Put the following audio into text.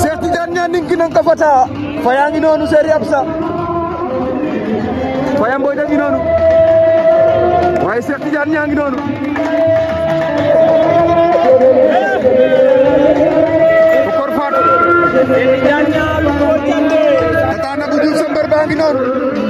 Cheikh Tidiane Niang ninkinan ka fata Faya ngi Absa Faya Mbodj a waaye Cheikh Tidiane Niang ngi noonu bu kor faat Cheikh Tidiane Niang bu kor faat baa ngi